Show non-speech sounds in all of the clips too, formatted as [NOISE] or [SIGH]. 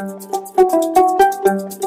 Thank you.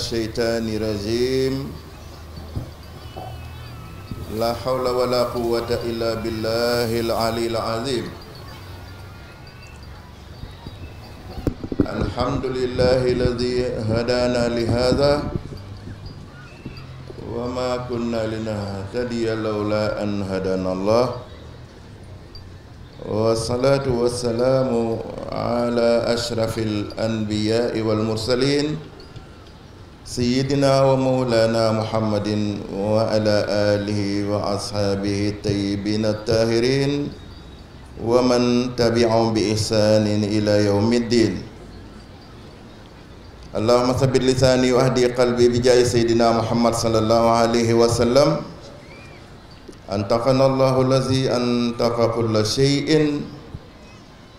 الشيطان الرجيم لا حول ولا قوة إلا بالله العلي العظيم الحمد لله الذي هدانا لهذا وما كنا لنهتدي لولا أن هدانا الله والصلاة والسلام على أشرف الأنبياء والمرسلين sayyidina wa mawlana muhammadin wa ala alihi wa ashaabihi tayyibin attahirin wa man tabi'ahum bi ihsanin ila yawmi ddin allahumma thabbit lisaani wa ahdi qalbi bi jaayi sayyidina muhammad sallallahu alayhi wa sallam antaqana allahu allazi antaqa kulla shay'in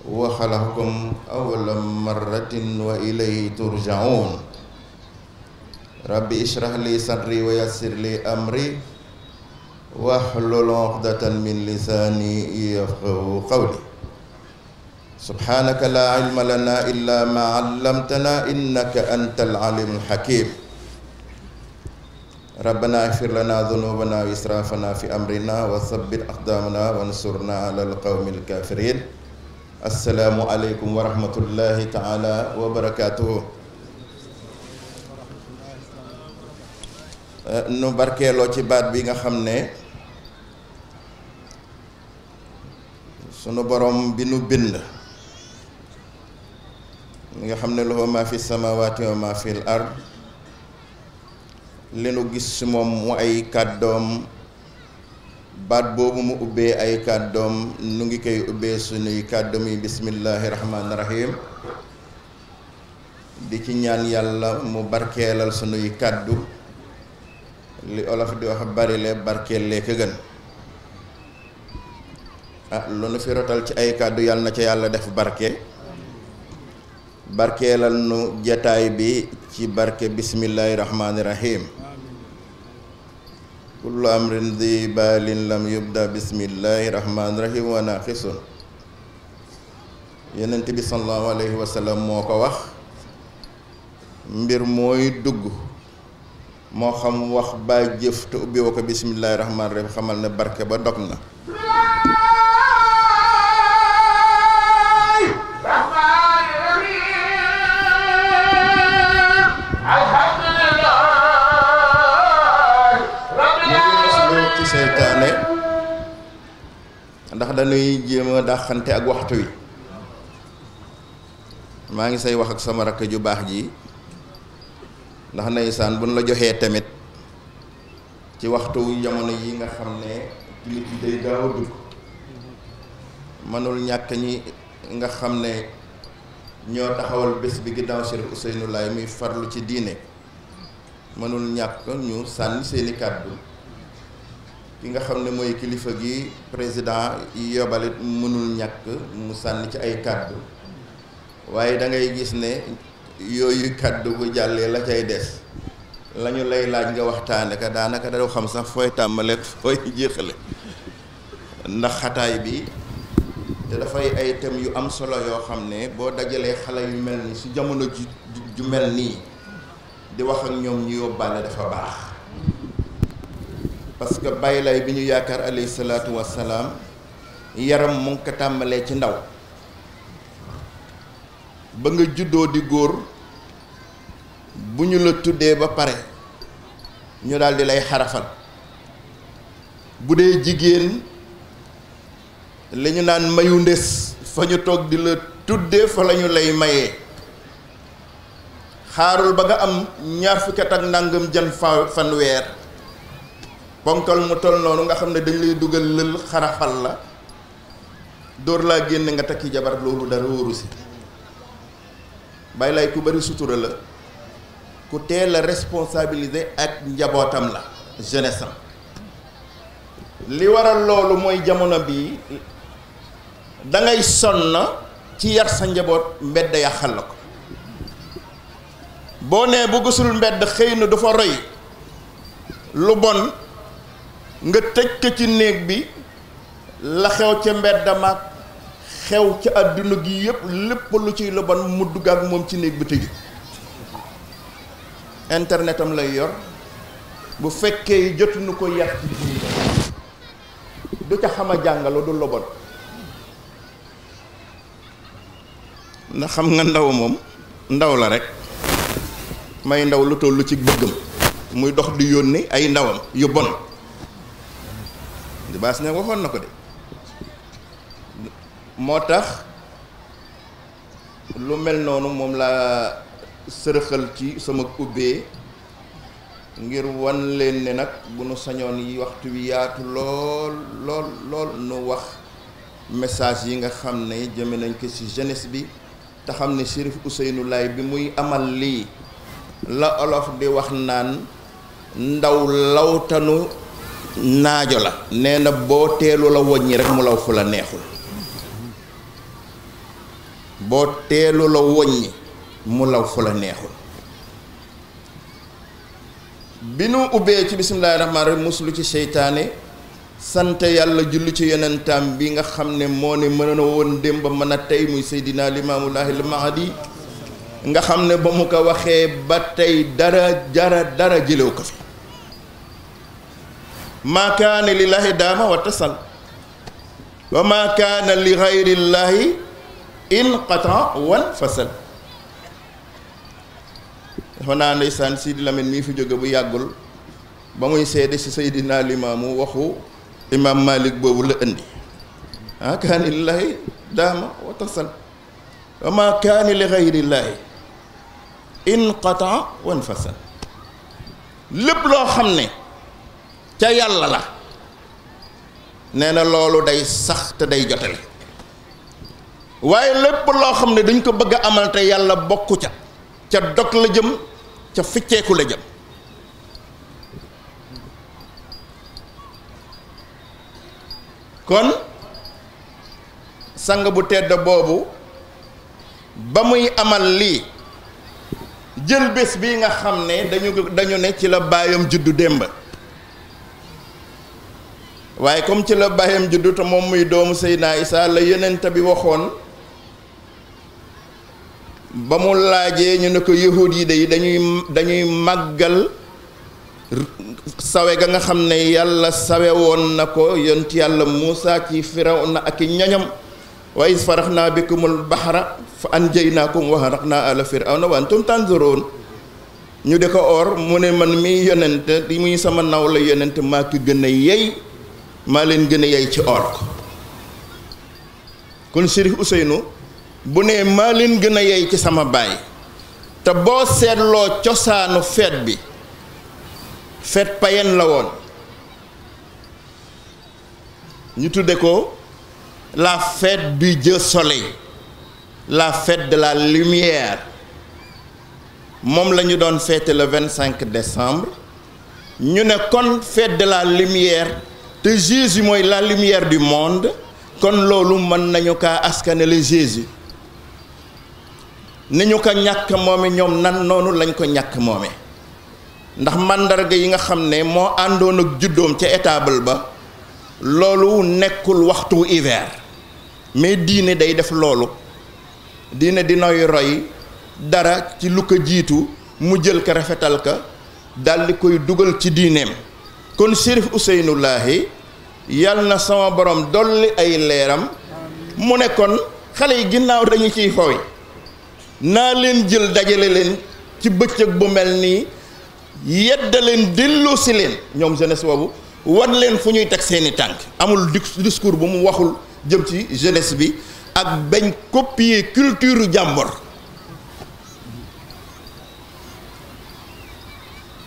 wa xalaqakum awwala marratin wa ilayhi turja'un rabbi ishrah li sadri wa yassir li amri wahlul uqdatan min lisaani yafqahu qawli subhanaka la ilma lana illa ma allamtana innaka antal alimul hakim rabbana ighfir lana dhunubana wa israfana fi amrina wa thabbit aqdamana wansurna ala alqawmil kafirin assalaamu aleykum wa rahmatullahi taala wa barakatuhu Euh, nu barkeeloo ci baat bi nga xam ne sunu boroom bi nu bind nga xam ne lahu ma fi samawati wa ma fil ard li nu gis ci moom mu ay kàddoom baat boobu mu ubbee ay kàddoom nu ngi koy ubbee sunuy kàddu muy bismillahi rahmaani rahim di ci ñaan yàlla mu barkeelal sunuy kàddu li olof di wax bari lee barkeel lee gën ah lu nu fi rotal ci ay kàddu yàlla na ci yàlla def barke barkeelal nu jataay bi ci barke bismillaahi rahmaani rahim kullu amrin di baalin lam yubda bismillaahi rahmaani rahim wa naaqisun yonent bi sallallahu alayhi wa moo ko wax mbir mooy dugg moo xam wax baa jëf te ubbi woo ko bismillaahi rahmaani rahim xamal ne barke ba dog na seytaane ndax dañuy jéema a dàqante ak waxtu wi maa ngi say wax ak sama rakk ju baax ji ndax ndeysaan buñ la joxee tamit ci waxtu jamono yi nga xam ne jullit yi day gaaw a dugg mënul ñàkk ñi nga xam ne ñoo taxawal bés bi ginnaaw Cheikh Ousseynou Laye muy farlu ci diine mënul ñàkk ñu sànni seeni kàddu ki nga xam ne mooy kilifa gi président yi yobalit mënul ñàkk mu sànni ci ay kàddu waaye da gis ne yooyu kàddu bu jàllee la kay des lañu lay laaj nga waxtaane ka daanaka doo xam sax fooy tàmbaleek fooy jéexale ndax xataay bi te dafay ay thèmes yu am solo yoo xam ne boo dajalee xale yu mel nii si jamono ju ju mel nii di wax ak ñoom ñu yóbbaale dafa baax parce que bàyyi lay bi ñu yaakaar alayhi salaatu salaam yaram mu ngi ko tàmbalee ci ndaw ba nga juddoo di góor bu ñu la tuddee ba pare ñu daal lay xarafal bu dee jigéen li ñu naan mayu ndes fa ñu toog di la tuddee fa la ñu lay mayee xaarul ba nga am ñaar fukki ak nangam jan fa fanweer ponkal mu tol noonu nga xam ne dañ lay dugal lël xarafal la dóor laa génne nga takki jabar loolu dara wóoru bàyyi lay ku bëri sutura la ku teel a responsabiliser ak njabootam la jeunesse li waral loolu mooy jamono bii da ngay sonn ci yar sa njaboot mbedd yàqal la ko boo nee bu gisul mbedd xëy na du fa roy lu bon nga tëj ko ci néeg bi la xew ca mbedd mag xew ci àdduna gi yëpp lépp lu ciy lu bon mu dugg moom ci néeg bi tëju internet lay yor bu fekkee jotuñu ko yàq ci du ca xam a jàngalo du lu bon ndax xam nga ndaw moom ndaw la rek may ndaw lu tollu ci bëggam muy dox di yónni ay ndawam yu bon di baas ne waxoon na ko de moo tax lu mel noonu moom laa sërëxal ci sama ubbee ngir wan leen ne nag bu nu sañoon yi waxtu wi yaatu lool lool nu wax message yi nga xam ne jëme nañ ko ci jeunesse bi te xam ne Chérif Ousseynou Laye bi muy amal lii la olof di wax naan ndaw lawtanu naajo la nee na boo teelu la woññi rek mu law fu la neexul boo teelu la woññi mu law fu la neexul bi nu ubbee ci bismillaahi rahmaani rahiim muslu ci seytaane sant yàlla julli ci yonentam bi nga xam ne moo ne mën na woon démb mën a tey muy seydinaa limaamullaahi al nga xam ne ba mu ko waxee ba tey dara jara dara jëlew ko fi maa kaana lillaahi daama wattasal wa maa li gayrillaahi inqata wan fasal dafa naa ndeysaan Sidi Lamine mii fi jóge bu yàggul ba muy seede ci Seydina Limaamu waxu imaam Malik boobu la indi ah kaani lillaahi daama wa tasal kaani li gayrillaahi inqata wan fasal lépp loo xam ne ca yàlla la nee na loolu day sax te day jotale waaye lépp loo xam ne dañ ko bëgg amal te yàlla bokk ca ca dog la jëm ca ficceeku la jëm kon sàng bu tedd boobu ba muy amal lii jël bés bi nga xam ne dañu dañu ne ci la baayam juddu démb waaye comme ci la baayam juddu te moom muy doomu Seydina Isa la yonent bi waxoon ba mu laajee ñu ne ko yahud yi dañuy dañuy màggal sawe ga nga xam ne yàlla sawe woon na ko yont yàlla Muusa ci Firawna ak i ñoñam wa iz faraxnaa bikumul bahra fa anjaynaakum wa gharaqnaa ala firawna wa antum tanzuruun ñu de ko or mu ne man mi yonente di muy sama naw la yonente maa ki gën a yey maa leen gën a yey ci or ko kon Chérif Ousseynou bu ne maa leen gën a yey ci sama baay te boo seetloo cosaanu feet bi feet payen la woon ñu tudde ko la fête du Dieu soleil la fête de la lumière moom la ñu doon fête le vingt cinq décembre ñu ne kon fête de la lumière te Jésus mooy la lumière du monde kon loolu mën nañu kaa askanele Jésus ni ñu ko ñàkk moome ñoom nan noonu lañ ko ñàkk moome ndax màndarga yi nga xam ne moo àndoon ak juddoom ca étable ba loolu nekkul waxtu hiver mais diine day def loolu diine dinay roy dara ci lu jiitu mu jël ko rafetal ka daldi koy dugal ci diineem kon Chérif Ousseynoulahi yal na sama borom dolli ay leeram mu ne kon xale yi ginnaaw dañu ciy fooy naa leen jël dajale leen ci bëccëg bu mel nii yedda leen delloo leen ñoom jeunesse boobu wan leen fu ñuy teg seeni tànk amul discours bu mu waxul jëm ci jeunesse bi ak bañ copier culture jàmbor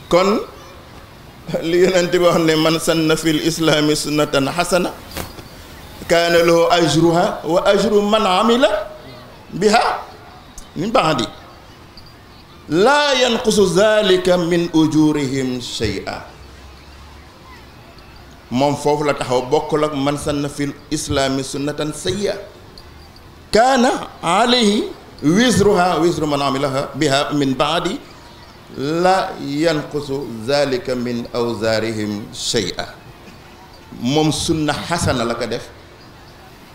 kon [LAUGHS] li yonent bi wax ne man sanna fil islaami sunnatan xasana kaana lahu ajruha wa ajru man amila biha min ba'di laa yanqusu zalika min ujurihim shay'a moom foofu la taxaw bokkul ak man sanna fil islaami sunnatan sayya kaana alayhi wisruha wisru man amilaha biha min baadi la yanqusu zalika min awzaarihim shay'a moom sunna xasana la ko def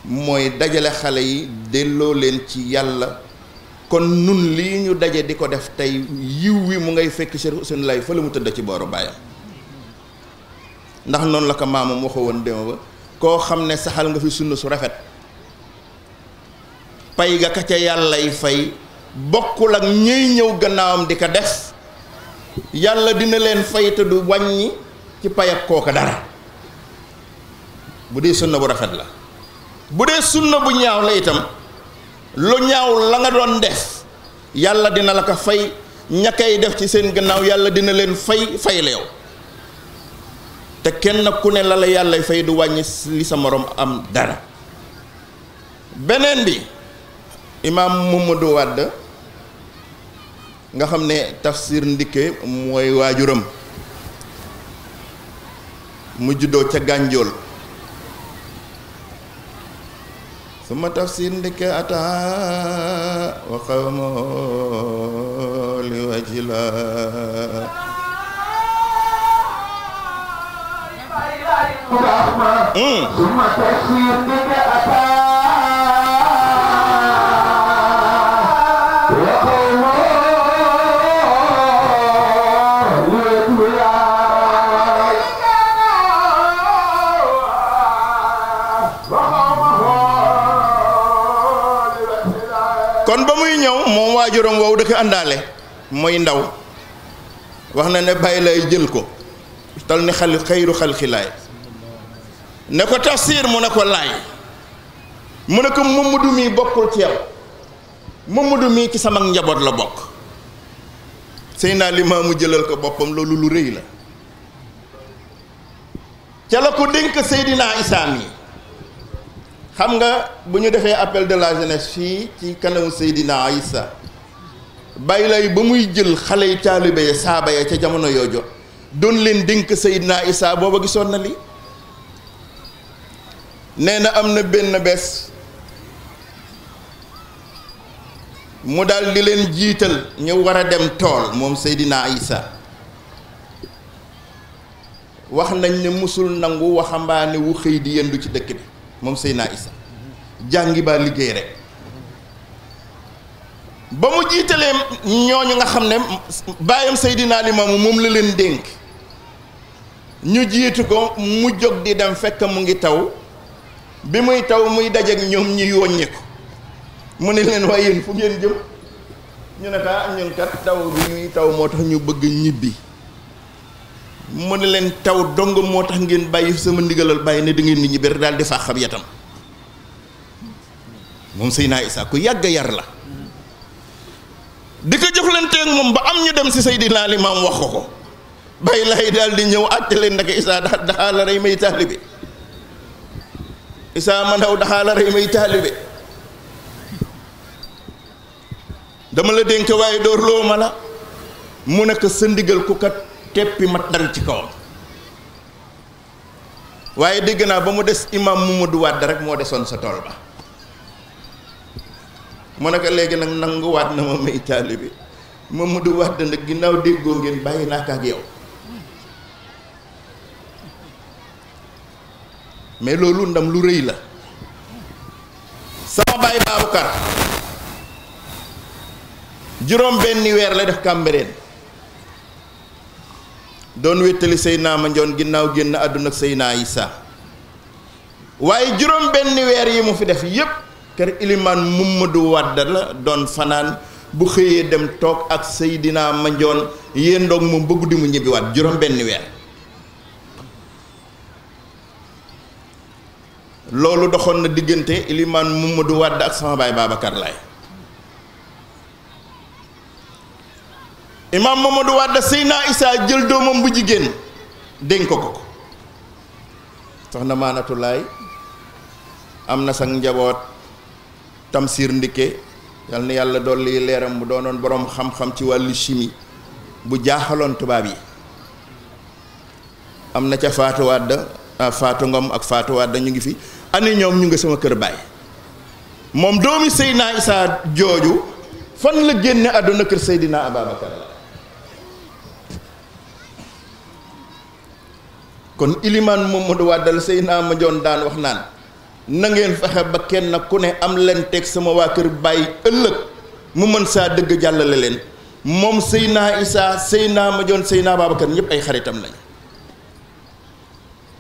mooy dajale xale yi delloo leen ci yàlla kon nun lii ñu daje di ko def tey yiw wi mu ngay fekk Cheikh Ousseynou Laye fa mu tëdd ci booru baayam ndax noonu la ko maamam waxo woon déma ba koo xam ne saxal nga fi sunna su rafet pay ga ka ca yàllay fay bokkul ak ñuy ñëw gannaawam di ko def yàlla dina leen fay te du wàññi ci pay ak kooka dara bu dee sunna bu rafet la bu dee sunna bu ñaaw la itam lu ñaaw la nga doon def yàlla dina la ko fay ña koy def ci seen gannaaw yàlla dina leen fay fay la yow te kenn ku ne la la yàlla fay du wàññi li sa moroom am dara beneen bi imaam Mamadou Wade nga xam ne tafsir ndikke mooy waajuram mu juddoo ca gànjool suma tafsir ndeke ataa wa qawmoo li wajila hmm. suma tafsir ndeke ataa waajuram woowu da àndaale mooy ndaw wax na ne bàyyi lay jël ko tal ni xal xayru xalxi ne ko tafsir mu ne ko laay mu ne ko Mamadou mii bokkul ci yow Mamadou ci sama njaboot la bokk sëy naa limaamu jëlal ko boppam loolu lu rëy la ca la ko dénk Seydina Issa mi xam nga bu ñu defee appel de la jeunesse fii ci kanamu Seydina Issa bàyyi lay ba muy jël xale yi taalibe saaba ya ca jamono yoojo doon leen dénk naa isaa booba gisoon na li nee na am na benn bés mu daal di leen jiital ñu war a dem tool moom Seydina Isa wax nañ ne musul nangu waxambaane wu xëy di yendu ci dëkk bi moom Seydina Isa jàngi baa liggéey rek ba mu jiitalee ñooñu nga xam ne bàyyam Seydina Limaamu moom la leen dénk ñu jiitu ko mu jóg di dem fekk mu ngi taw bi muy taw muy dajeek ñoom ñuy woññi ko ne leen waaye yéen fu ngeen ñu ne kaa ah, ñun taw bi ñuy taw moo tax ñu bëgg ñibbi mu ne leen taw dong moo tax ngeen bàyyi sama ndigalal bàyyi ne da ngeen ñi ñibbi daal di faa xam yetam moom Seydina Isaa ku yàgg yar la di ko jëflanteeg moom ba am ñu dem si Seydina Limaam wax ko ko bàyyi laay daal di ñëw àtte leen ndaka isaa daxaa la rey may taalibe isaa ma ndaw daxaa la rey may taalibe dama la dénk waaye door loo ma la mu nekk sa ndigal ku ko teppi ma dal ci kawam waaye dégg naa ba mu des imaam Mamadou Wade rek moo desoon sa tool ba mu ne léegi nag nanguwaat na ma may taalibe du Wade nag ginnaaw déggoo ngeen bàyyi naa ko yow mais loolu ndam lu rëy la sama baay Babacar juróom benni weer la def Cambérène doon wéttali ma Mandione ginnaaw génn àdduna ak Seydina Issa waaye juróom benni weer yi mu fi def yépp kër ilimaan Mamadou Wade la doon fanaan bu xëyee dem toog ak Seydina Mandione yéen ndoog moom ba guddi mu ñibbiwaat juróom benn weer loolu doxoon na diggante ilimaan Mamadou Wade ak sama baay Babacar Laay imaam Mamadou Wade Seydina Issa jël doomam bu jigéen dénk ko ko soxna Maanatu am na sax njaboot Tamsir Ndike yal na yàlla dolli leeram bu doonoon boroom xam-xam ci wàllu chimie bu jaaxaloon tubaab yi am na ca Fatou Wade ah, Fatou Ngom ak Fatou Wade ñu ngi fi ani ñoom ñu ngi sama kër baay moom doomi Seydina Isa jooju fan la génne àdduna kër Seydina Ababacar la kon ilimaan Mamadou Wade la Seydina ma joon daan wax naan na ngeen fexe ba kenn ku ne am leen teg sama waa kër bàyyi ëllëg mu mën saa dëgg jàllale leen moom naa naa ma Seydina Majoon naa Babacar ñëpp ay xaritam lañ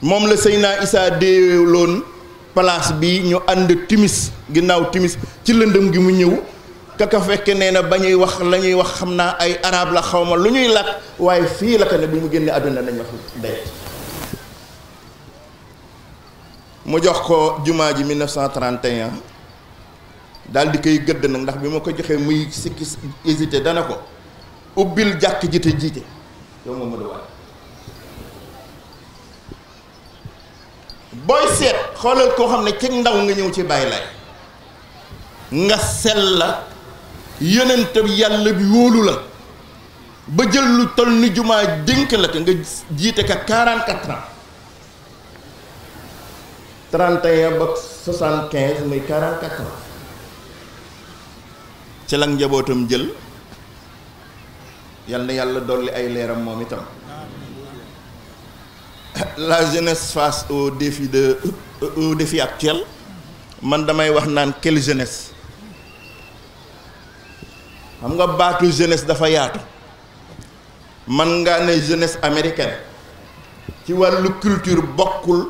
moom la Seydina Isa déewloon place bi ñu ànd timis ginnaaw timis ci lëndëm gi mu ñëw kaka fekke nee na ba ñuy wax la ñuy wax xam naa ay arab la xaw ma lu ñuy làkk waaye fii la ko ne bi mu génnee àdduna lañu wax day mu jox ko jumaa ji 1931 daal di kay gëdd nag ndax bi ma ko joxee muy sikki hésité dana ko ubbil jàkk ji te jiite yow ma booy seet xoolal koo xam ne ci ndaw nga ñëw ci bàyyi lay nga sell la yonent yàlla bi wóolu la ba jël lu toll ni jumaa dénk la ko nga jiite ka 44 ans 31 ba 75 muy 44 ci la njabootam jël yal na yàlla dolli ay leeram moom itam la jeunesse face au défi de au défi actuel man damay wax naan quelle jeunesse xam nga baatu jeunesse dafa yaatu man nga ne jeunesse americain ci wàllu culture bokkul.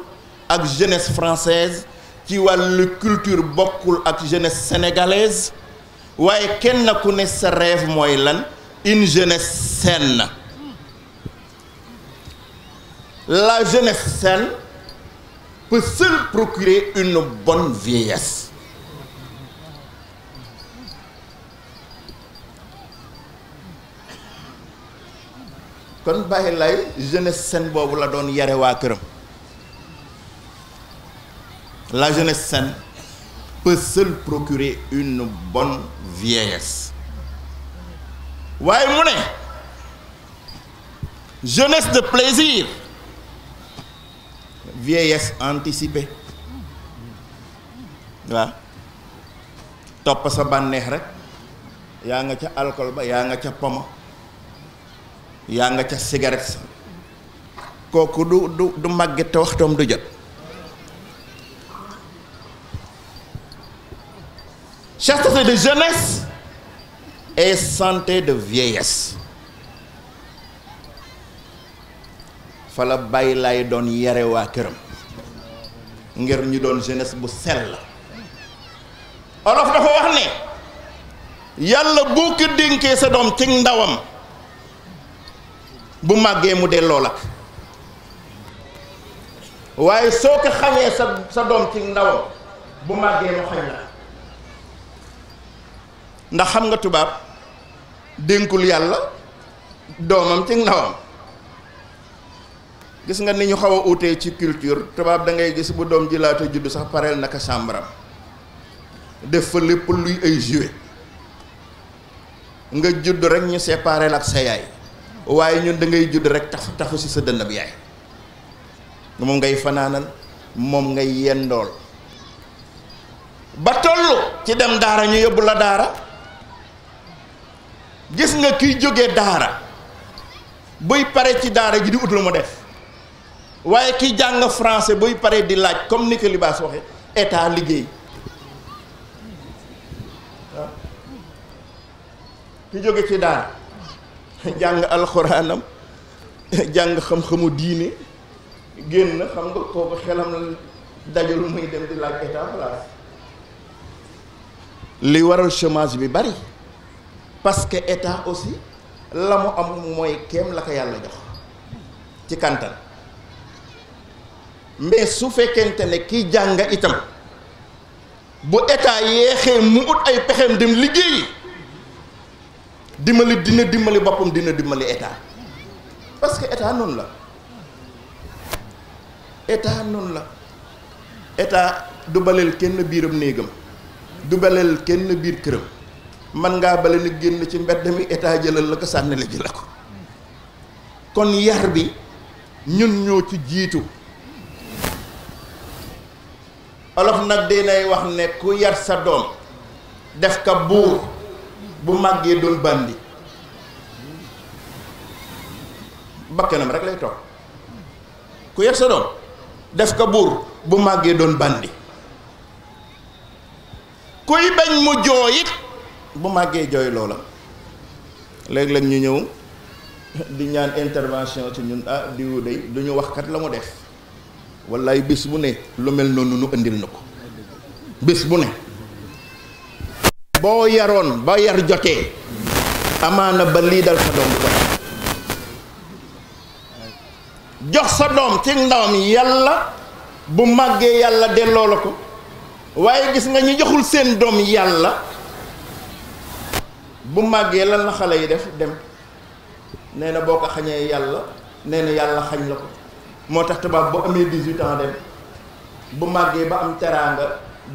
ak jeunesse française ci wàll culture bokkul ak jeunesse sénégalaise waaye kenn ku ne sa rêve mooy lan une jeunesse na la jeunesse saine peut seule procurer une bonne vieillesse kon bàyyi lay jeunesse saine boobu la doon yare waa këram la jeunesse saine peut seule procurer une bonne vieillesse waaye mu ne jeunesse de plaisir vieillesse anticipée waaw topp sa bànneex rek yaa nga ca alcool ba yaa nga ca poma yaa nga ca cigarette sa kooku du du du màgget te waxtoom du jot chasteté de jeunesse et santé de vieillesse fa la bàyyi lay doon yare waa këram ngir ñu doon jeunesse bu la olof dafa wax ne yàlla boo ko dénkee sa doom ci ndawam bu màggee mu delloo la waaye soo ko xamee sa doom ci ndawam bu màggee mu xañ la ndax xam nga tubaab dénkul yàlla doomam ci ndawam gis nga ni ñu xaw a utee ci culture tubaab da ngay gis bu doom ji laata juddu sax pareel naka sàmbaram def fa lépp luy ay jouet nga judd rek ñu séparé ak sa yaay waaye ñun da ngay judd rek tax taxu ci sa dënd bi yaay moom ngay fanaanal moom ngay yendool ba toll ci dem daara ñu yóbbu la daara gis nga kiy jóge daara buy pare ci daara ji di ut lu mu def waaye kiy jàng français buy pare di laaj comme ni ko libaas waxe état liggéey ah. ki jóge ci daara jàng alxuraanam jàng xam-xamu diine génn xam nga kooku xelam dajalu muy dem di laaj état place li waral chômage bi bari parce que état aussi la mu am mooy kéem la ko yàlla jox ci kantan mais su fekkente ne kiy jàng itam bu état yeexee mu ut ay pexeem dem liggéeyi dimbali dina dimbali boppam dina dimbali état parce que état noonu la état noonu la état du baleel kenn biiram néegam du baleel kenn biir këram man ngaa bale ni génn ci mbedd mi état jëlal la ko sànni la jëla ko kon yar bi ñun ñoo ci jiitu olof nag dinay wax ne ku yar sa doom def ka buur bu màggee doon bandi rek lay toog ku yar sa doom bu màggee doon bandi kuy bañ mu jooyit bu màggee jooy loola léeg-léeg ñu ñëw di ñaan intervention ci ñun ah diwu day du ñu wax kat la mu def wallaay bés bu ne lu mel noonu nu indil na ko bés bu ne boo yaroon ba yar jotee amaana ba lii dal sa doom ko jox sa doom ci ndawam yàlla bu màggee yàlla delloo la ko waaye gis nga ñu joxul seen doom yàlla bu màggee lan la xale yi def dem nee na boo ko xañee yàlla nee na yàlla xañ la ko moo tax tubaab bu amee 18 ans dem bu màggee ba am teraanga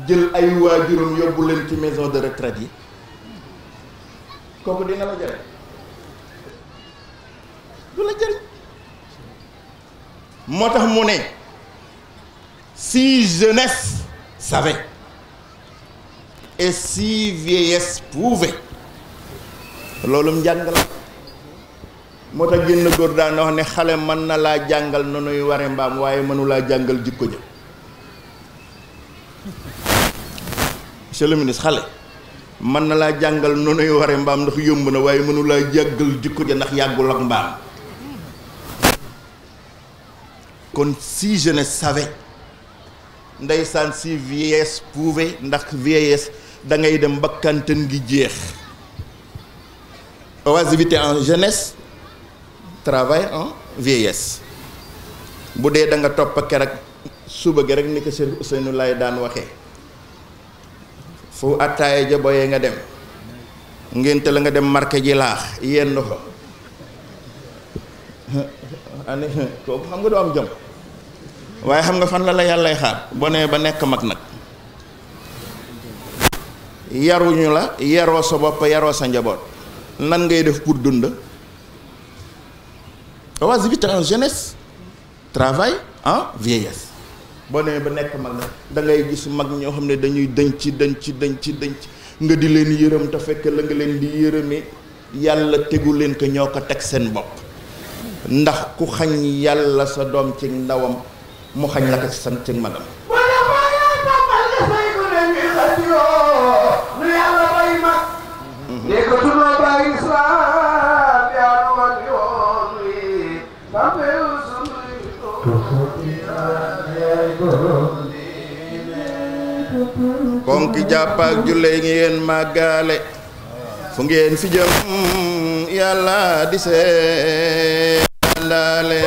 jël ay waajuram yóbbu leen ci maison de retraite yi kooku dina la jëriñ du la jëriñ moo tax mu ne si jeunesse savait et si vieillesse pouvait loolum njàng la moo tax génn góor daan ne xale mën na laa jàngal nu nuy ware mbaam waaye mënulaa jàngal jikko ja monsieur le ministre xale mën na laa jàngal nu nuy ware mbaam ndax yomb na waaye mënulaa jàngal jikko ja ndax yàggul ak mbaam kon si jeunesse savait ndeysaan si vieillesse pouvait ndax vieillesse dangay dem bakkanten gi jeex oisiveté en jeunesse travail en vieillesse bu dee danga nga topp keroog suba gi rek ni ko Cheikh Ousseynou daan waxe fu attaaya ja nga dem ngénte la nga dem marka ji laax yendu ko ani xam nga doo am jom waaye xam nga fan la la yàllay xaar boo ba nekk mag nag yaruñu la yaroo sa bopp yaroo sa njaboot nan ngay def pour dund Oas vit en jeunesse travail en vieillesse boo demee ba nekk mag nag da ngay gis mag ñoo xam ne dañuy denc denc denc denc nga di leen yërëm te fekk la nga leen di yërëmee yàlla tegu leen ko ñoo ko teg seen bopp ndax ku xañ yàlla sa doom ci ndawam mu xañ la ko ci san ci magam wala konki jàppaak julle ngeen màggaale fu ngeen fi jëm yàlla di see àndaale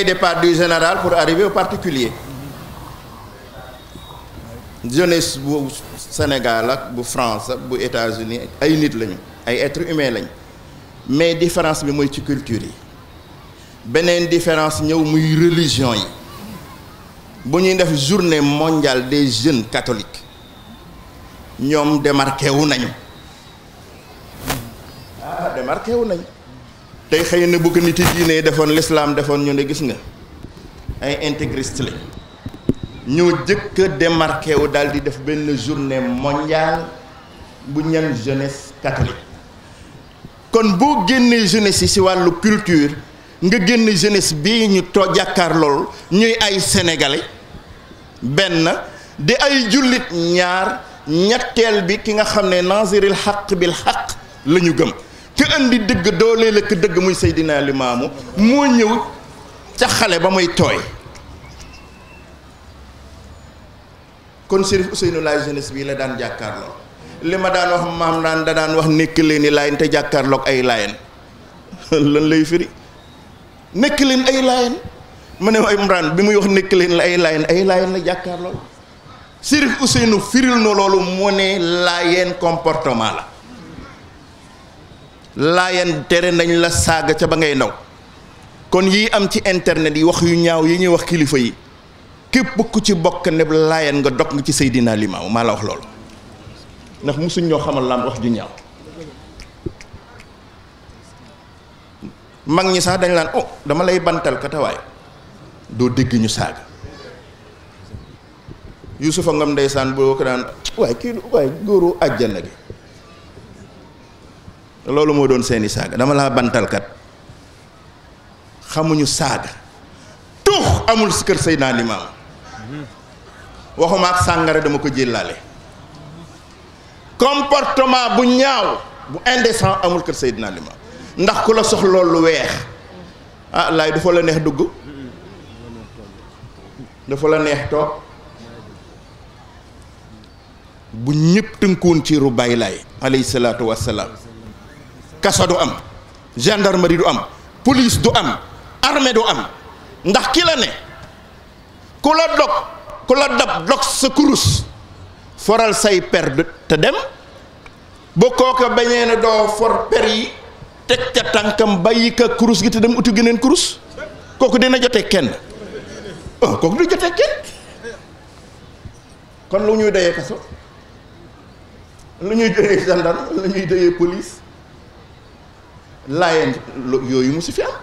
ngay départ du général pour arriver au particulier jeunesse bu Sénégal ak bu France bu États-Unis ay nit lañu ay êtres humains lañ mais différence bi mooy ci culture yi beneen différence ñëw muy religion yi bu ñuy def journée mondiale des jeunes catholiques ñoom démarqué wu nañu ah démarqué wu nañu. tey xëy na bu ko nit yi diine defoon lislaam defoon ñu ne gis nga ay intégriste lañ ñoo jëkk a démarqué wu daal di def benn journée mondiale bu ñan jenes catholique kon boo génnee jeunesse yi si wàllu culture nga génn jeunesse bii ñu too jàkkaar lool ñuy ay sénégalais benn di ay jullit ñaar ñetteel bi ki nga xam ne nasiril xaq bil xaq la ñu gëm ki andi dëgg dooleel ak dëgg muy Seydina Limaamu moo ñëw ca xale ba muy tooy kon Chérif Ousseynou Laye jeunesse bii la daan jàkkaarloo li ma daan wax maam daan da daan wax nekk leen i laayen te jàkkaarloog ay laayen [LAUGHS] lan lay firi nekk leen ay laayen mu ne ay Imran bi muy wax nekk leen la ay laayen ay laayen la jàkkaarloog Chérif Ousseynou firil na loolu moo ne laayeen comportement la laayan tere nañ la saaga ca ba ngay naw kon yii am ci internet yi wax yu ñaaw yi ñuy wax kilifa yi képp ku ci bokk ne laayan nga dog nga ci Seydina Limaamu maa la wax loolu ndax musuñ ñoo xamal lam wax ju ñaaw mag ñi sax dañ laan oh dama lay bantal katawaay doo dégg ñu saaga a Ngam ndeysaan boo ko daan waaye kii waaye góoru àjjana gi loolu moo doon seeni saaga dama laa bantalkat xamuñu saaga tuux amul si kër Seydina Limaamu waxuma ak sàngara dama ko jëllaale comportement bu ñaaw bu indécent amul kër Seydina Limaamu ndax ku la sox loolu lu weex ah laay dafa la neex dugg dafa la neex toog bu ñëpp tënkuwoon ci rubaay laay alayhi salaatu wassalaam kaso du am gendarmerie du am police du am armée du am ndax ki la ne ku la dog ku la dab dog sa kurus foral say per te dem ba kooka bañee ne doo for per yi teg ca tànkam bàyyi ka kurus gi te dem uti geneen kurus kooku dina jotee kenn oh kooku du jotee kenn kon lu ñuy doyee kaso lu ñuy doyee gendarme lu ñuy doyee police laayeen yooyu mu si fi am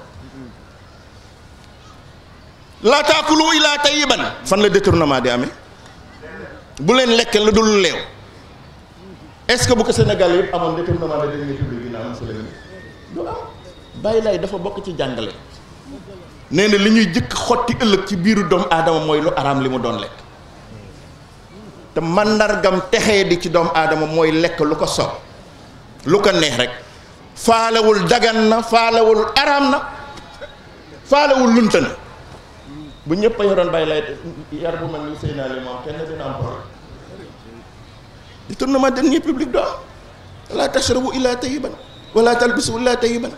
laa taakulu illaa fan la détournement di amee bu leen lekkee la dul leew est-ce que bu ko Sénégal yëpp amoon détournement de deniers bàyyi laay dafa bokk ci jàngale nee na li ñuy jëkk xotti ëllëg ci biiru doomu aadama mooy lu araam li mu doon lekk te màndargam texee di ci doomu aadama mooy lekk lu ko sob lu ko neex rek faalewul dagan na faalewul araam na faalewul lunta na bu ñëpp a yoroon bàyyi lay yar bu mel ni Seydina Limamou kenn dina am problème détournement de deniers publics doo am laa tashrabu illaa tayyiban wala talbisu illaa tayyiban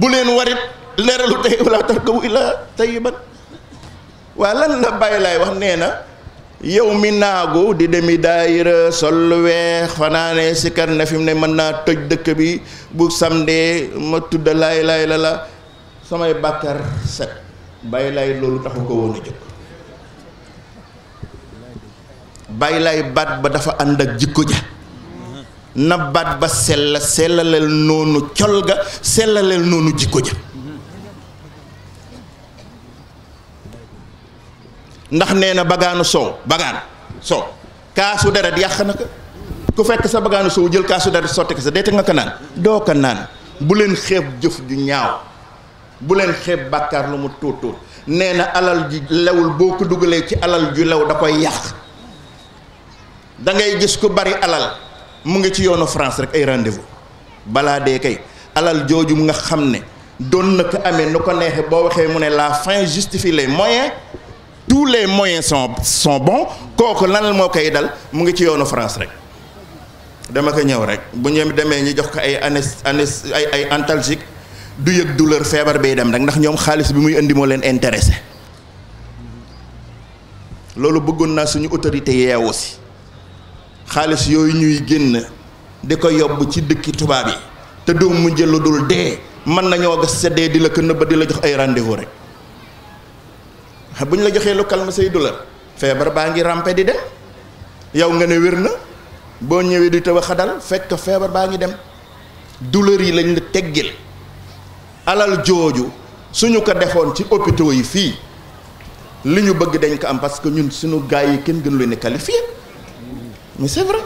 bu leen warit leeralu tey wala tarkabu illaa tayyiban waa lan la bàyyi laay wax nee na yow mi naagu di demi daayira sol weex fanaane sikar na fi mu ne mën naa toj dëkk bi bu samdee ma tudda laay laay la la samay bàkkar set bàyyi loolu taxu ko woon a jóg baat ba dafa ànd ak jikko ja na baat ba sell sellaleel noonu col ga sellaleel noonu jikko ja ndax nee na bagaanu soow bagaan soow kaasu deret yàq na ko ku fekk sa bagaanu soow jël kaasu deret sotti ko sa deete nga ko naan doo ko naan buleen leen xeeb jëf ju ñaaw bu leen xeeb bàkkaar lu mu tuut tuut nee na alal ji lewul boo ko dugalee ci alal ju lew da koy yàq da ngay gis ku bari alal mu ngi ci yoonu France rek ay rendez balaa dee kay alal jooju mu nga xam ne doon na ko amee nu ko neexee boo waxee mu ne la fin justifie les moyens tous les moyens son sont bons kooku lan moo koy dal mu ngi ci yoonu France rek dama ko ñëw rek bu ñu demee ñu jox ko ay anes anes ay ay antalgique du yëg douleur feebar bay dem rek ndax ñoom xaalis bi muy indi moo leen intéressé loolu bëggoon naa suñu autorité yeewu si xaalis yooyu ñuy génn di ko yóbbu ci dëkki tubaab yi te doo mu jël lu dul dee mën nañoo gas sa dee di la ko nëbba di la jox ay rendez rek. bu ñu la joxee lu calme say douleur feebar baa ngi rampe di dem yow nga ne wér na boo ñëwee di tëb a xadal fekk feebar baa ngi dem douleur yi lañ la teggil alal jooju suñu ko defoon ci hôpitaux yi fii li ñu bëgg dañ ko am parce que ñun suñu gars yi kenn gën lu ne qualifié mais c'est vrai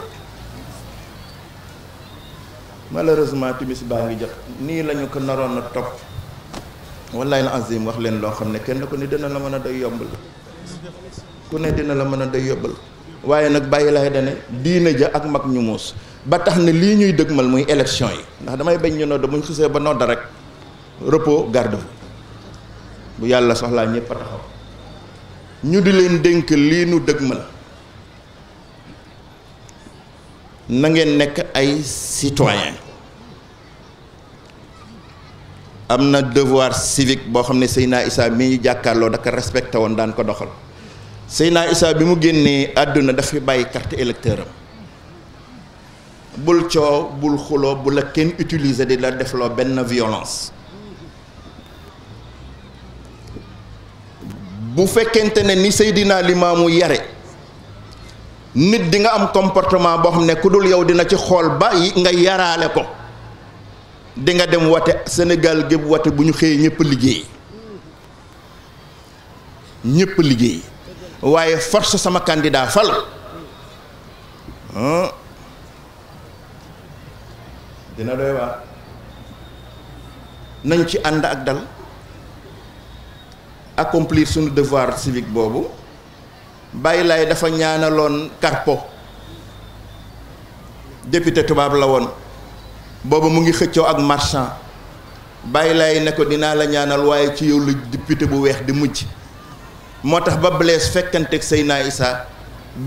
malheureusement timis baa ngi jot nii lañu ko naroon a topp wallaay la azim wax leen loo xam ne kenn ko ne dina la mën a doy yombal ku ne dina la mën a doy yombal waaye nag bàyyi laay dane diina ja ak mag ñu muus ba tax ne lii ñuy dëgmal muy élection yi ndax damay bañ ñu nodd buñ xisee ba nodd rek repos garde bu yàlla soxlaa ñëpp a taxaw ñu di leen dénk lii nu dëgmal na ngeen nekk ay citoyen am na devoir civique boo xam ne Seyna Issa mi ñu jàkkaarloo daka respecté woon daan ko doxal Seyna Issa bi mu génnee àdduna dafa bàyyi carte électeur am bul coow bul xuloo bula kenn utiliser di la defloo benn violence bu fekkente ne ni Seydina Limaamu yare nit di nga am comportement boo xam ne ku dul yow dina ci xool ba nga yaraale ko dinga dem wate Sénégal gépp wate bu ñu xëyee ñëpp liggéey ñëpp liggéey waaye force sama kandidaa fal dina doy ci ànd ak dal accomplir suñu devoir civique boobu bàyyi laay dafa ñaanaloon karpo député tubaab la woon booba mu ngi xëccoo ak marchand bàyyi lay ne ko dinaa la ñaanal waaye ci yow la député bu weex di mujj moo tax ba Blaise fekkanteeg Seyna Issa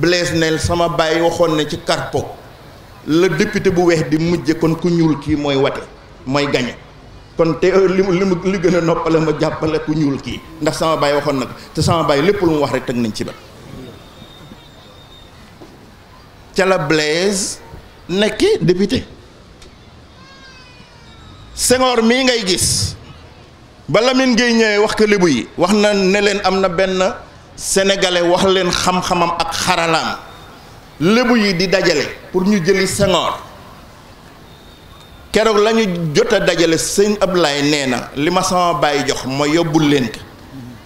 Blaise ne sama bàyyi waxoon na ci Carpok la député bu weex di mujje kon ku ñuul kii mooy wate mooy gañe kon te li mu li mu li gën a noppale ma jàppale ku ñuul kii ndax sama bàyyi waxoon na ko te sama bàyyi lépp lu mu wax rek teg nañ ci ba ca la Blaise nekki député Senghor mii ngay gis ba Lamine Gueye ñëwee wax ko lébu yi wax na ne leen am na benn sénégalais wax leen xam-xamam ak xaralaam lébu yi di dajale pour ñu jëli Senghor keroog la ñu jot a dajale sëñ Ablaye nee na li ma sama bàyyi jox ma yóbbul leen ko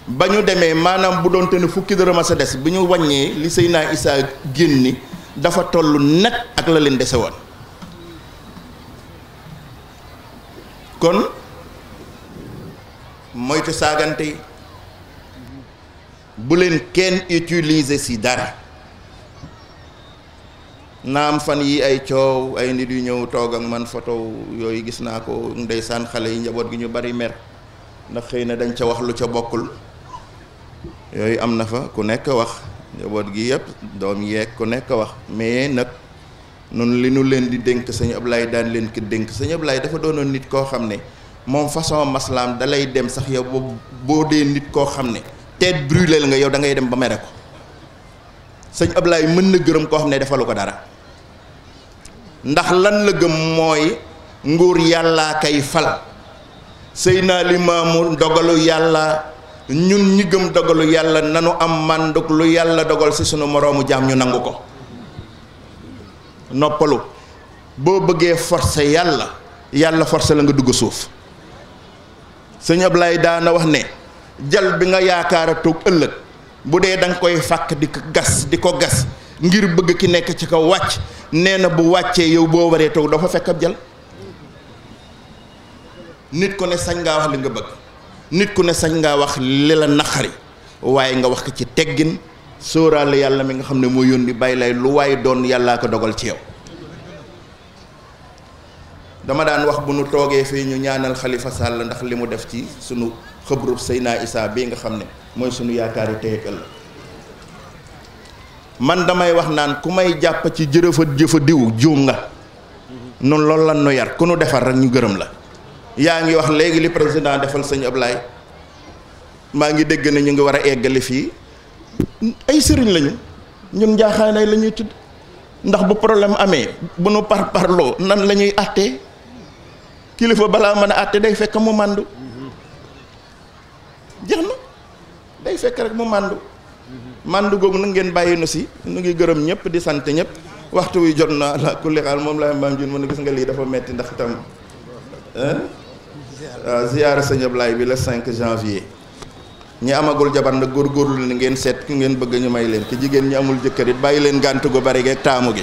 ba ñu demee maanaam bu doon ne fukki dërëm a sa des bi ñu wàññee li naa Seydina génn ni dafa toll net ak la leen dese woon kon moytu saagante yi bu kenn utiliser ci dara naam fan yi ay coow ay nit yu ñëw toog man photo yooyu gis naa ko ndeysaan xale yi njaboot gi ñu bari mer ndax xëy na dañ ca wax lu ca bokkul yooyu am na fa ku nekk wax njaboot gi yëpp doom yeeg ku nekk wax mais nag noonu li nu leen di dénk sëñ Ablaye daan leen ko dénk sëñ Ablaye dafa doonoon nit koo xam ne moom façon maslaam dalay dem sax yow boobu boo dee nit koo xam ne tête bruleel nga yow dangay dem ba mere ko sëñ Ablaye mën na gërëm koo xam ne defalu ko dara ndax lan la gëm mooy nguur yàlla kay fal sëy naa li maamu dogalu yàlla ñun ñi gëm dogalu yàlla nanu am mànduk lu yàlla dogal ci sunu moroomu jaam ñu nangu ko noppalu boo bëggee forcer yàlla yàlla forcer la nga dugg suuf sëñ Ablaye daana wax ne jal bi nga yaakaara toog ëllëg bu dee danga koy fàkk di ko gas di ko gas ngir bëgg ki nekk ci kaw wàcc nee na bu wàccee yow boo waree toog dafa fekk ab jal nit ku ne sañ ngaa wax li nga bëgg nit ku ne sañ ngaa wax li la naqari waaye nga wax ko ci teggin sóoraale yàlla mi nga xam ne moo yónni bàyyi lay lu waaye doon yàllaa ko dogal ci yow dama daan wax bu nu toogee fii ñu ñaanal xalifa Sall ndax li mu def ci sunu xëbrub naa Issa bii nga xam ne mooy sunu yaakaari tey ak man damay wax naan ku may jàpp ci jërëfa jëfa diw juum nga noonu lool lan nu yar ku nu defar rek ñu gërëm la yaa ngi wax léegi li président defal sëñ Ablaye maa ngi dégg ne ñu ngi war a eggali fii ay sëriñ lañu ñun njaaxaanaay lañuy ñuy tudd ndax bu problème amee bu nu par parloo nan la ñuy àttee kilifa balaa mën a àtte day fekk mu màndu jeex na day fekk rek mu màndu màndu googu nag ngeen bàyyi nu si nu ngi gërëm ñëpp di sante ñëpp waxtu wi jot naa la kulli xaal moom laay mbaam jun mën a gis nga lii dafa metti ndax itam waaw ziyaara sa Ablaye bi le 5 janvier ñi amagul jabar nag góorgóorlu ni ngeen seet ki ngeen bëgg ñu may leen te jigéen ñi amul jëkkër it bàyyi leen gànt gu bari geeg taamu gi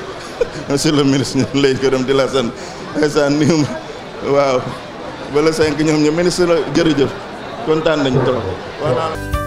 [LAUGHS] monsieur le ministre ñu lay gërëm di la sant ndeysaan nium waaw bala cinq ñoom ñu ministre la jërëjëf kontaan nañu trop